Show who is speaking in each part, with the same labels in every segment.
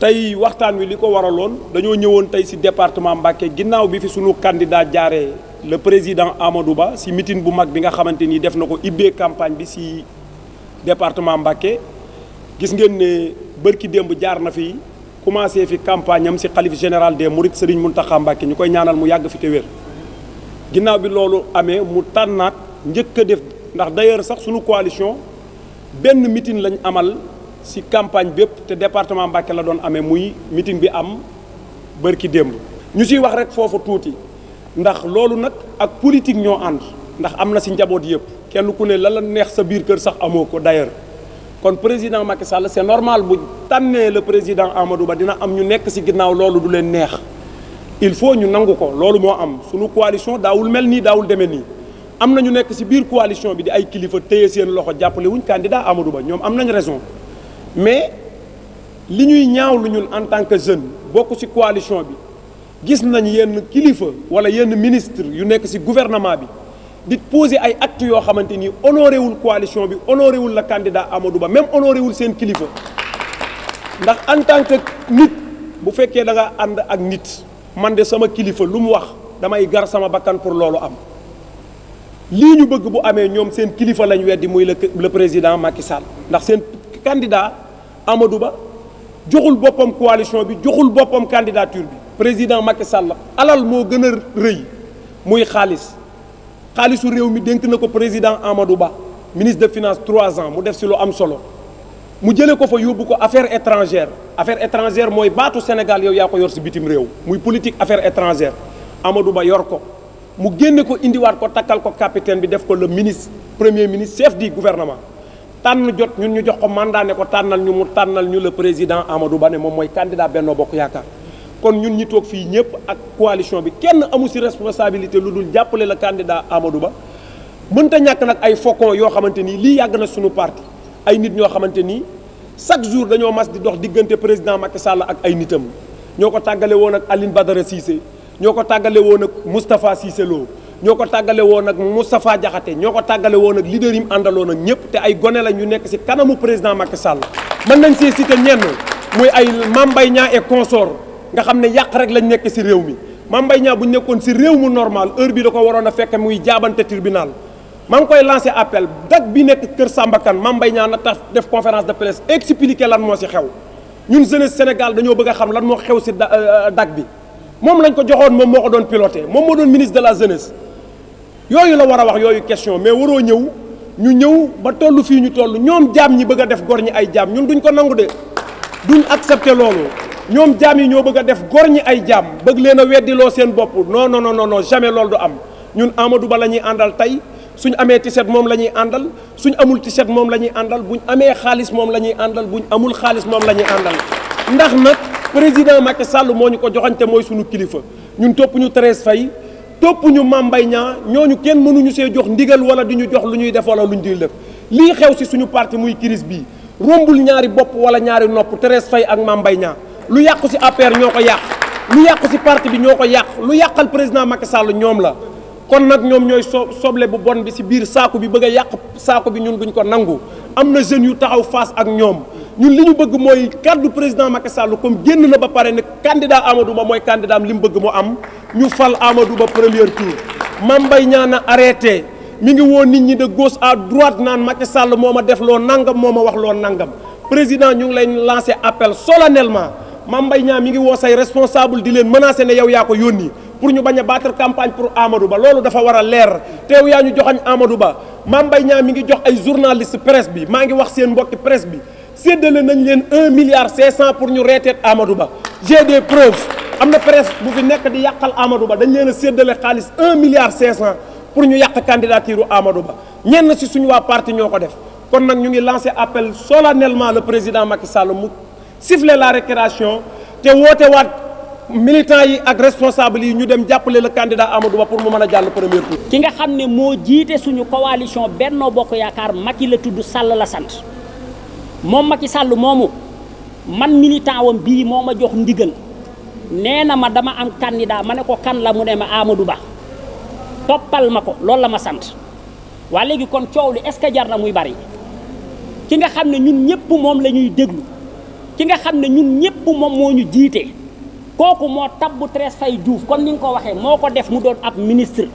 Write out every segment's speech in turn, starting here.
Speaker 1: tey waxtaan wi li ko waraloon dañoo ñëwoon tey ci département Mbacké ginnaaw bi fi suñu candidat jaaree le président Amadou Ba ci meeting bu mag bi nga xamante nii def na ko ibbee campagne bi ci département Mbacké gis ngeen ne bërki démb jaar na fi commencer fi campagne am ci xalif général de des Mourides mun Mountakha Mbacké ñu koy ñaanal mu yàgg fi te wér ginnaaw bi loolu amee mu tànnaat njëkk a def ndax d'ailleurs sax sunu coalition benn meeting lañ amal. si campagne bépp te département Mbacké la doon amee muy meeting bi am bërki démb ñu siy wax rek foofu tuuti ndax loolu nag ak politique ñoo ànd ndax am na si njaboot yëpp kenn ku ne la la neex sa biir kër sax amoo ko d'ailleurs kon président Macky Sall c'est normal bu tànnee la président Amadou Ba dina am ñu nekk si ginnaaw loolu du leen neex il faut ñu nangu ko loolu moo am suñu coalition daawul mel nii daawul demee nii am na ñu nekk si biir coalition bi ay kilifa téye seen loxo jàppale wuñ candidat Amadou Ba ñoom am nañ raison mais li ñuy ñaawlu ñun en tant que jeune bokk ci coalition bi gis nañ yenn kilifa walla yenn ministre yu nekk ci gouvernement bi di poser ay act yoo xamante ni honoré wul coalition bi honoré wul la candidat Amadou Ba même honoré wul seen kilifa ndax en tant que nit bu fekkee da nga ànd ak nit man de sama kilifa lu mu wax damay gar sama bakkan pour loolu am lii ñu bëgg bu amee ñoom seen kilifa lañ weddi muy la le président Macky ndax seen. candidat amadu Ba joxul boppam coalition bi joxul boppam candidature bi président Macky Sall alal moo gën a rëy muy xaalis xaalisu réew mi dénk na ko président Amadou Ba ministre de finance trois ans mu def si lu am solo mu jëlee ko fa yóbbu ko affaire étrangère affaire étrangère mooy baatu Sénégal yow yaa ko yor si bitim réew muy politique affaire étrangère Amadou Ba yor ko mu génne ko indiwaat ko takkal ko capitaine bi def ko le ministre premier ministre chef gouvernement tànn jot ñun ñu jox ko mandat ne ko tànnal ñu mu tànnal ñu le président Amadou Ba ne moom mooy candidat Benno Bokk Yaakaar kon ñun ñi toog fii ñëpp ak coalition bi kenn amu ci responsabilité lu dul jàppale la candidat amadu Ba mënta ñàkk nag ay faucons yoo xamante ni lii yàgg na suñu parti ay nit ñoo xamante ni chaque jour dañoo mas di dox diggante président Macky Sall ak ay nitam ñoo ko tàggale woon ak Aline Badara Cissé ñoo ko tàggale woon ak Moustapha Cissé Lo ñoo ko tàggale woon ak Moustapha Diakhaté ñoo ko tàggale woon ak leader yi mu àndaloon ak ñëpp te ay gone la ñu nekk ci kanamu président Macky Sall man nañ see citer ñenn muy ay Mame Mbaye Niang et nga xam ne yàq rek lañ nekk ci réew mi Mame Mbaye bu nekkoon ci réew mu normal heure bi da ko waroon a fekk muy jaabante tirbinal maa ngi koy lancé appel dak bi nekk Kër Samba Kane Mame Mbaye na tax def conférence de presse expliqué lan moo ci xew ñun jeunesse Sénégal dañoo bëgg a xam lan moo xew ci dak euh, bi moom lañ ko joxoon moom moo ko doon piloté moom moo doon ministre de la yooyu la war a wax yooyu question mais waroo ñëw ñu ñëw ba toll fii ñu toll ñoom jaam ñi bëgg a def gor ñi ay jaam ñun duñ ko nangu de duñ accepter loolu ñoom jaam yi ñoo bëgg a def gor ñi ay jaam bëgg leen a weddiloo seen bopp noo non non non jamais loolu du am ñun Amadou Ba la ñuy àndal tey suñ amee tiset moom la ñuy àndal suñ amul tiset moom la ñuy àndal buñ amee xaalis moom la ñuy àndal buñ amul xaalis moom la ñuy àndal ndax nag président Macky sàll moo ñu ko joxante mooy suñu kilifa ñun topp ñu Thérèse Faye topp ñu Mame Mbaye Niang ñooñu kenn mënuñu see jox ndigal wala di ñu jox lu ñuy def wala lu ñu di def lii xew si suñu parti muy crise bii rombul ñaari bopp wala ñaari nopp Thérèse Faye ak Mame Mbaye Niang lu yàqu si APR ñoo ko yàq lu yàqu si parti bi ñoo ko yàq lu yàqal président Macky Sall ñoom la kon nag ñoom ñooy so soble bu bon bi si biir saako bi bëgg a yàq saako bi ñun duñ ko nangu am na jeunes yu taxaw face ak ñoom ñun li ñu bëgg mooy kàddu président Macky Sall comme génn na ba pare ne candidat Amadou mooy candidat am li mu am ñu fal Amadou Ba premier tour Mame Mbaye Niang a arrêté mi ngi woon nit ñi de gauche à droite naan Macky Sall moo ma def loo nangam moo ma wax loo nangam président ñu ngi lay lancé appel solennellement Mame Mbaye Niang mi ngi woo say responsable di leen menacé ne yow yaa ko yónni pour ñu bañ a battre campagne pour Amadou Ba loolu dafa war a leer teew yaa ñu joxañ Amadou Ba Mame Mbaye Niang mi ngi jox ay journaliste presse bi maa ngi wax seen mbokki presse bi séddale nañ leen un milliard cinq cent pour ñu reeteet Amadou Ba j'ai des preuves am na presse bu fi nekk di yàqal Amadou Ba dañ leen a séddale xaalis un milliard cinq cent pour ñu yàq candidature Amadou Ba ñenn si suñu waa parti ñoo ko def kon nag ñu ngi lancé appel solennellement le président Macky Sall mu siffler la récréation te woote waat militants yi ak responsables
Speaker 2: yi ñu dem jàppale le candidat Amadou Ba pour mu mën a jàll premier tour. ki nga xam ne moo jiite suñu coalition Benno Bokk Yaakaar Macky la tudd Sall la sant. moom Macky Sall moomu man militant wam bii moo ma jox ndigal nee na ma dama am candidat ma ne ko kan la mu ne ma Amadou Ba toppal ma ko loolu la ma sant waa léegi kon coow li est ce que jar na muy bari ki nga xam ne ñun ñëpp moom la ñuy déglu ki nga xam ne ñun ñëpp moom moo ñu jiite kooku moo tabbu Thérèse Faye Diouf kon ni nga ko waxee moo ko def mu doon ab ministre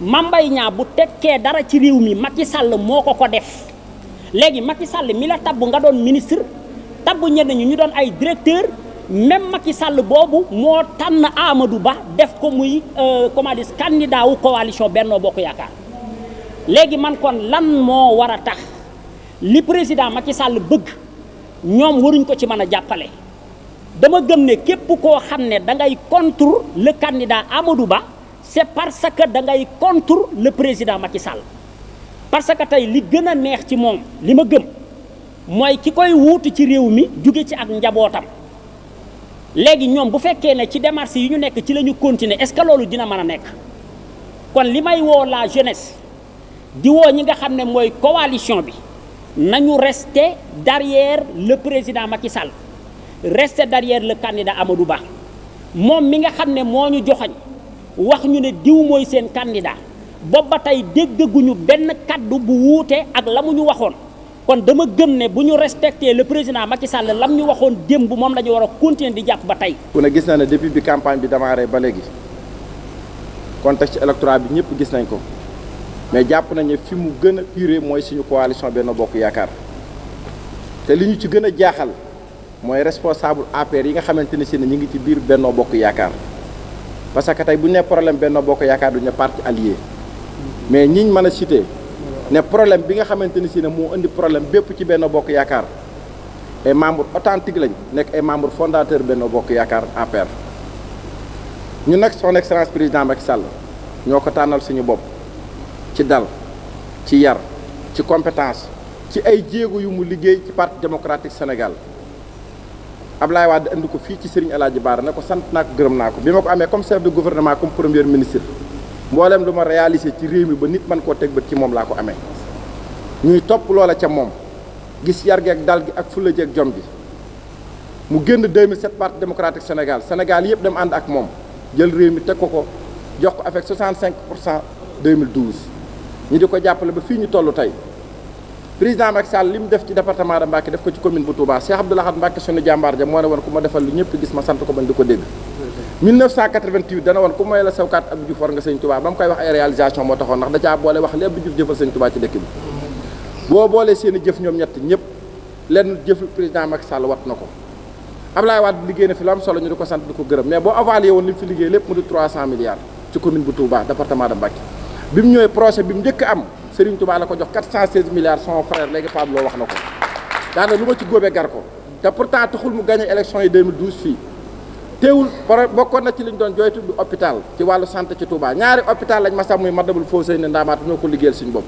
Speaker 2: Mame Mbaye Niang bu tekkee dara ci réew mi Macky Sall moo ko ko def léegi Macky Sall mi la tabbu nga doon ministre tabbu ñenn ñu ñu doon ay directeur même Macky Sall boobu moo tànn Amadou Ba def ko muy euh, comment dire candidat wu coalition Benno Bokk Yaakaar léegi man kon lan moo war a tax li président Macky Sall bëgg ñoom waruñ ko ci mën a jàppale dama gëm ne képp koo xam ne da ngay contre le candidat amadu Ba c'est parce que da ngay contre le président Macky Sall parce que tey li gën a neex ci moom li ma gëm mooy ki koy wuutu ci réew mi jóge ci ak njabootam léegi ñoom bu fekkee ne ci démarche yi ñu nekk ci lañu ñu continuer est que loolu dina mën a nekk kon li may woo la jeunesse di ñi nga xam ne mooy coalition bi nañu rester derrière le président Macky Sall rester derrière le candidat Amadou baax moom mi nga xam ne moo ñu joxoñ wax ñu ne diw mooy seen candidat boobu ba tey déggaguñu benn kàddu bu wuute ak la mu ñu waxoon kon dama gëm ne bu ñu respecté le président ma Macky Sall lam ñu waxoon démb moom la ñu war a continuer di jàpp ba tey.
Speaker 3: ku ne gis na ne depuis bi campagne bi démarré ba léegi contexte électoral bi ñëpp gis nañ ko mais jàpp nañ ne fi mu gën a urée mooy suñu coalition Benno Bokk Yaakaar te li ñu ci gën a jaaxal mooy responsable APR yi nga xamante ne si ne ñu ngi ci biir Benno Bokk Yaakaar parce que tey bu ñu nee problème Benno Bokk Yaakaar du ñu parti allié. mais ñiñ mën a cité ne problème bi nga xamante ni si ne moo indi problème bépp ci benn bokk yaakaar ay membre authentique lañ nekk ay membre fondateur benn bokk yaakaar APR ñu nag son excellence président Macky Sall ñoo ko tànnal suñu bopp ci dal ci yar ci compétence ci ay jéego yu mu liggéey ci parti démocratique Sénégal Ablaye Wade indi ko fii ci Serigne El Hadji Bara ne ko sant naa ko gërëm naa ko bi ma ko amee comme chef de gouvernement comme mboolem lu ma réalisé ci réew mi ba nit man koo teg bët ci moom laa ko amee ñuy topp loola ca moom gis yar gi ak dal gi ak fulla ji ak jom gi mu génn 2007 parti démocratique Sénégal Sénégal yëpp dem ànd ak moom jël réew mi teg ko ko jox ko avec 65 pour cent 2012 ñu di ko jàppale ba fii ñu toll tey président Macky Sall li mu def ci département de Mbacké def ko ci commune bu Touba Cheikh Abdou Lahad Mbacké sunu jàmbaar ja moo ne woon ku ma defal lu ñëpp gis ma sant ko bañ di ko dégg 1988 dana woon ku may la saw carte Abdou war nga sëñ Touba ba mu koy wax ay réalisation moo taxoon ndax da boole wax li Abdou Diouf jëfal sëñ Touba ci dëkk bi boo boolee seen jëf ñoom ñett ñëpp lenn jëf président Macky Sall wat na ko Abdoulaye Wade liggéey na fi solo ñu di ko sant di ko gërëm mais boo avalé woon li mu fi liggéey lépp mu di 300 milliards ci commune bu Touba département de Mbacké bi mu ñëwee projet ko jox 416 milliards son frère léegi Pablo wax na ko daanaka lu teewul par bokkoon na ci liñ doon jooytu du hôpital ci wàllu santé ci Touba ñaari hôpital lañ ma sax muy Matlaboul Fawzayni Ndaamaatu ñoo ko liggéeyal suñu bopp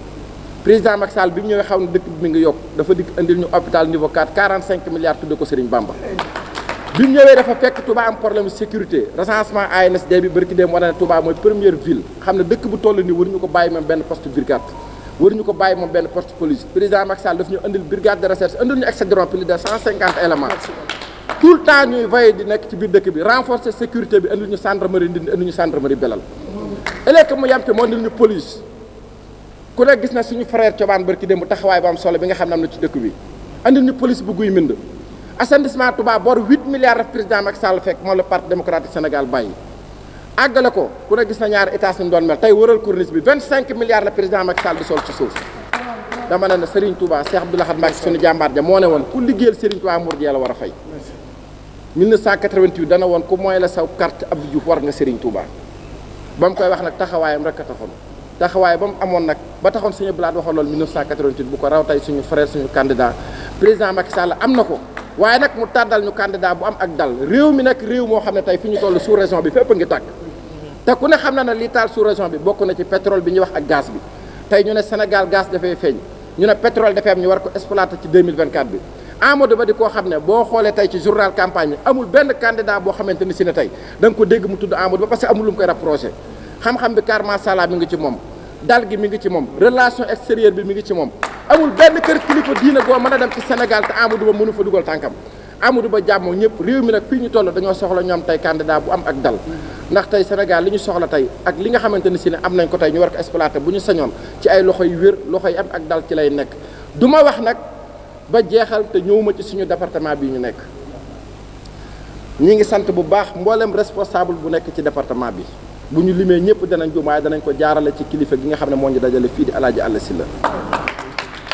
Speaker 3: président Macky bi ñëwee xam ne dëkk bi mi ngi yokk dafa dikk indil ñu hôpital niveau 4 45 milliards tudde ko Serigne Bamba bi mu ñëwee dafa fekk Touba am problème sécurité recensement ANSD bi bërki dem wane ne Touba mooy première ville xam ne dëkk bu toll nii waruñu ko bàyyi ko bàyyi moom benn poste tout le temps ñuy veillé di nekk ci biir dëkk bi renforcer sécurité bi indi ñu gendarmerie Ndindi indi ñu gendarmerie Belal ëllëg mu yam ci moo indil ñu police ku nekk gis na suñu frère Cobaan barki démb taxawaay bu am solo bi nga xam ne am na ci dëkk bi andil ñu police bu guy mbind assainissement Touba bor 8 milliards daf président Macky Sall fekk moom la parti démocratique Sénégal bàyyi àggale ko ku na ñaari état suñu doon mel tey wëral corniche bi la président Macky Sall di sol ci suuf dama ne na Serigne Touba Cheikh Abdoul Ahad suñu jàmbaar ja moo ne woon ku liggéeyal Serigne Touba Mouride la war a fay 1988 dana woon ku mooy la saw carte Abdou Diouf war nga Serigne Touba ba mu koy wax nag taxawaayam rek a taxoon taxawaay ba mu amoon nag ba taxoon suñu blaat waxoon loolu 1988 bu ko raw tey suñu frère suñu candidat président Macky Sall am na ko waaye nag mu tàddal ñu candidat bu am ak dal réew mi nag réew moo xam ne tey fi ñu toll sous région bi fépp ngi tàkk te ku ne xam na ne taal sous région bi bokk na ci pétrole bi ñu wax ak gaz bi tey ñu ne Sénégal gaz dafay feeñ ñu ne pétrole dafay am ñu war ko bi Amadou Ba di koo xam ne boo xoolee tey ci journal campagne amul benn candidat boo xamante ni si ne tey da nga ko dégg mu tudd Amadou Ba parce que amul lu xam-xam bi car macha ngi ci moom dal gi mi ngi ci moom relation extérieure bi mi ngi ci moom amul benn kër kilifa diine goo mën a dem ci Sénégal te Amadou Ba mënu fa dugal tànkam Amadou Ba jàmm réew mi nag fii ñu toll dañoo soxla ñoom tey candidat bu am ak dal ndax tey Sénégal li ñu soxla tey ak li nga xamante ni si ne am nañ ko tey ñu war ko exploité bu ñu sañoon ci ay loxo yu wér loxo yi am ak dal ci lay nekk du ma wax nag ba jeexal te ñëwuma ci suñu département bi ñu nekk ñi ngi sant bu baax mboolem responsable bu nekk ci département bi bu ñu limee ñëpp danañ juum waaye danañ ko jaarale ci kilifa gi nga xam ne moo ñu dajale fii di alaaji àll si la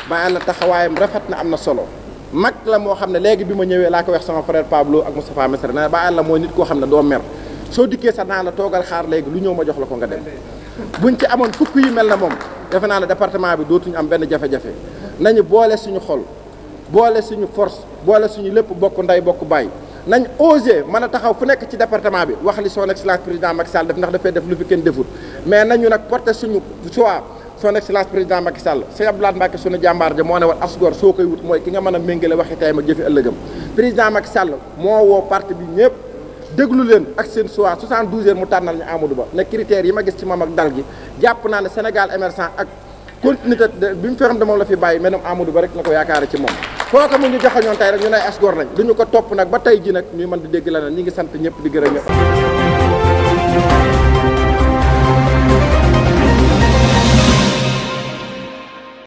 Speaker 3: ba àll taxawaayam rafet na am na solo mag la moo xam ne léegi bi ma ñëwee laa ko wax sama frère Pablo ak Moustapha Messere na ba àll mooy nit koo xam ne doo mer soo dikkee sax naa la toogal xaar léegi lu ñëw ma jox la ko nga dem buñ ci amoon fukk yu mel na moom defe naa ne département bi dootuñu am benn jafe-jafe nañu boole suñu xol boole suñu force boole suñu lépp bokk ndey bokk bàyyi nañ osé mën a taxaw fu nekk ci département bi wax li son excellence président Macky Sall def ndax dafay def lu fi kenn deful mais nañu nag porté suñu choix son excellence président Macky Sall Sëñ Abdoulaye Mbacke suñu jàmbaar ja moo ne woon asgor soo koy wut mooy ki nga mën a méngale waxi tey ma jëfi ëllëgam président Macky Sall moo woo parti bi ñëpp déglu leen ak seen choix 72 heures mu tànnal ñu Amadou Ba ne critères yi ma gis ci moom ak dal gi jàpp naa ne Sénégal émergent ak continuité bi mu feram de moom la fi bàyyi maanaam Amadou Ba rek la ko yaakaare ci moom kooka mu ñu joxañoon tey rek ñu nay asgoor lañ duñu ko topp nag ba tey ji nag ñuy mën di dégg la ne ñi ngi sant ñëpp di gërëm